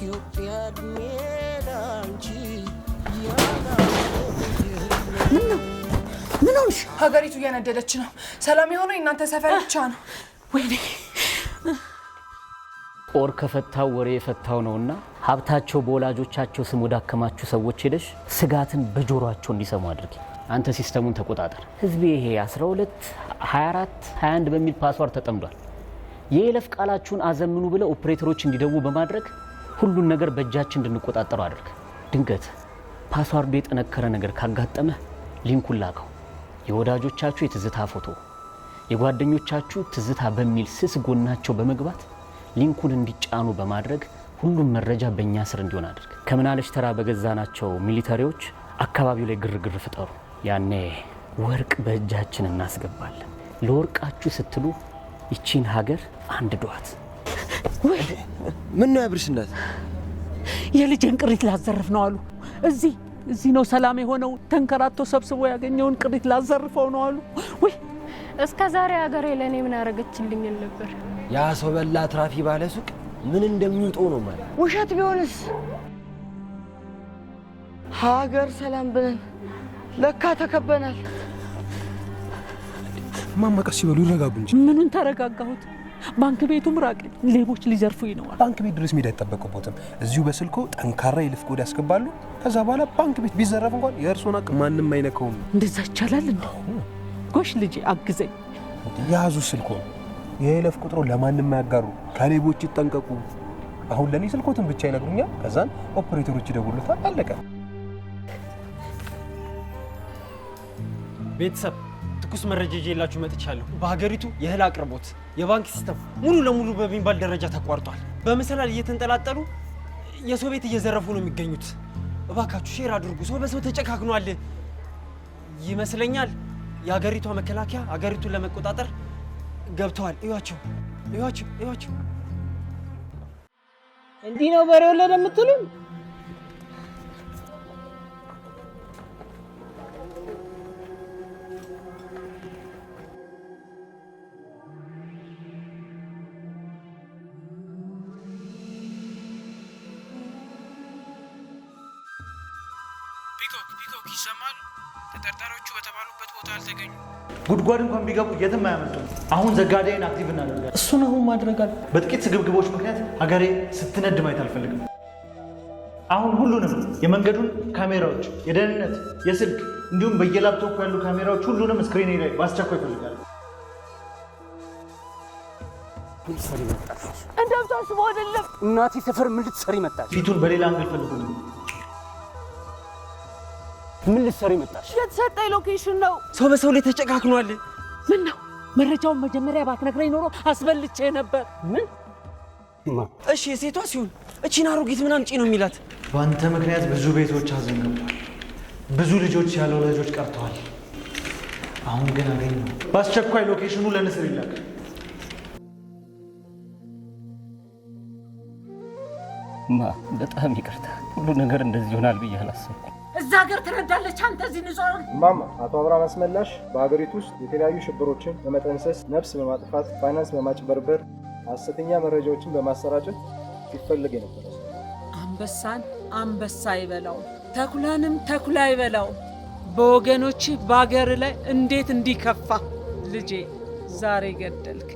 ምን ሆንሽ? ሀገሪቱ እየነደደች ነው። ሰላም የሆነው የእናንተ ሰፈር ብቻ ነው። ወይኔ ጦር ከፈታው ወሬ የፈታው ነውና ሀብታቸው በወላጆቻቸው ስም ወዳከማችሁ ሰዎች ሄደሽ ስጋትን በጆሯቸው እንዲሰሙ አድርጊ። አንተ ሲስተሙን ተቆጣጠር። ህዝቤ ይሄ 12 24 21 በሚል ፓስዋርድ ተጠምዷል። የይለፍ ቃላችሁን አዘምኑ ብለው ኦፕሬተሮች እንዲደውሉ በማድረግ ሁሉን ነገር በእጃችን እንድንቆጣጠረው አድርግ። ድንገት ፓስዋርዱ የጠነከረ ነገር ካጋጠመ ሊንኩን ላከው። የወዳጆቻችሁ የትዝታ ፎቶ፣ የጓደኞቻችሁ ትዝታ በሚል ስስ ጎናቸው በመግባት ሊንኩን እንዲጫኑ በማድረግ ሁሉም መረጃ በእኛ ስር እንዲሆን አድርግ። ከምናለሽ ተራ በገዛናቸው ሚሊተሪዎች አካባቢው ላይ ግርግር ፍጠሩ። ያኔ ወርቅ በእጃችን እናስገባለን። ለወርቃችሁ ስትሉ ይቺን ሀገር አንድ ዷት። ወይ ምን ነው ያብርሽ እናት፣ የልጄን ቅሪት ላዘርፍ ነው አሉ። እዚህ እዚህ ነው ሰላም የሆነው ተንከራቶ ሰብስቦ ያገኘውን ቅሪት ላዘርፈው ነው አሉ። ወይ እስከ ዛሬ ሀገሬ ለእኔ ምን አረገችልኝ ነበር። ያ ሰው በላ አትራፊ ባለ ምን እንደሚውጠው ነው ማለት። ውሸት ቢሆንስ ሀገር ሰላም ብለን ለካ ተከበናል። ማማቀስ ሲበሉ ይረጋቡ እንጂ ምኑን ተረጋጋሁት? ባንክ ቤቱም ራቅ፣ ሌቦች ሊዘርፉ ይነዋል። ባንክ ቤት ድረስ መሄድ አይጠበቅቦትም። እዚሁ በስልኮ ጠንካራ የልፍ ኮድ ያስገባሉ። ከዛ በኋላ ባንክ ቤት ቢዘረፍ እንኳን የእርስዎን አቅ ማንም አይነካውም። እንደዛ ይቻላል እንዴ? ጎሽ ልጄ አግዘኝ። የያዙ ስልኮ የይለፍ ቁጥሮ ለማንም ያጋሩ፣ ከሌቦች ይጠንቀቁ። አሁን ለእኔ ስልኮትን ብቻ ይነግሩኛል። ከዛን ኦፕሬተሮች ይደውሉታል። አለቀ ቤተሰብ ትኩስ መረጃ ይዤላችሁ መጥቻለሁ። በሀገሪቱ የእህል አቅርቦት የባንክ ሲስተም ሙሉ ለሙሉ በሚባል ደረጃ ተቋርጧል። በመሰላል እየተንጠላጠሉ የሰው ቤት እየዘረፉ ነው የሚገኙት። እባካችሁ ሼር አድርጉ። ሰው በሰው ተጨካክኗል ይመስለኛል። የሀገሪቷ መከላከያ ሀገሪቱን ለመቆጣጠር ገብተዋል። እዩዋቸው፣ እዩዋቸው፣ እዩዋቸው። እንዲህ ነው በሬ ወለደ የምትሉን ሲጮህ ይሰማል። ተጠርጣሪዎቹ በተባሉበት ቦታ አልተገኙ። ጉድጓድ እንኳን ቢገቡ የትም አያመልጡም። አሁን ዘጋዳይን አክቲቭ እናደርጋለን። እሱን አሁን ማድረጋል። በጥቂት ስግብግቦች ምክንያት ሀገሬ ስትነድ ማየት አልፈልግም። አሁን ሁሉንም የመንገዱን ካሜራዎች፣ የደህንነት፣ የስልክ እንዲሁም በየላፕቶፕ ያሉ ካሜራዎች ሁሉንም ስክሪን ላይ በአስቸኳይ ይፈልጋል። እንደምታስበው አይደለም እናቴ ሰፈር ምን ልትሰሪ መጣች? ፊቱን በሌላ አንግል ፈልጉ ምን ልትሰሪ መጣሽ? የተሰጠኝ ሎኬሽን ነው። ሰው በሰው ላይ ተጨካክኗል። ምን ነው መረጃውን መጀመሪያ ባትነግረኝ ኖሮ አስበልቼ ነበር። ምን? እሺ ሴቷ ሲሆን እቺን አሮጊት ምናምን ጪ ነው የሚላት። በአንተ ምክንያት ብዙ ቤቶች አዘን ገብቷል። ብዙ ልጆች ያለው ልጆች ቀርተዋል። አሁን ግን አገኝ በአስቸኳይ ሎኬሽኑ ለንስር ይላክ። ማ በጣም ይቅርታ። ሁሉ ነገር እንደዚህ ይሆናል ብዬ አላሰብኩም። እዛ ሀገር ትረዳለች። አንተ እዚህ ንጹህ እማማ አቶ አብርሃም አስመላሽ በሀገሪቱ ውስጥ የተለያዩ ሽብሮችን በመጠንሰስ ነፍስ በማጥፋት ፋይናንስ በማጭበርበር ሐሰተኛ መረጃዎችን በማሰራጨት ሲፈልግ የነበረ አንበሳን አንበሳ ይበላው፣ ተኩላንም ተኩላ ይበላው። በወገኖች በአገር ላይ እንዴት እንዲከፋ ልጄ ዛሬ ገደልክ።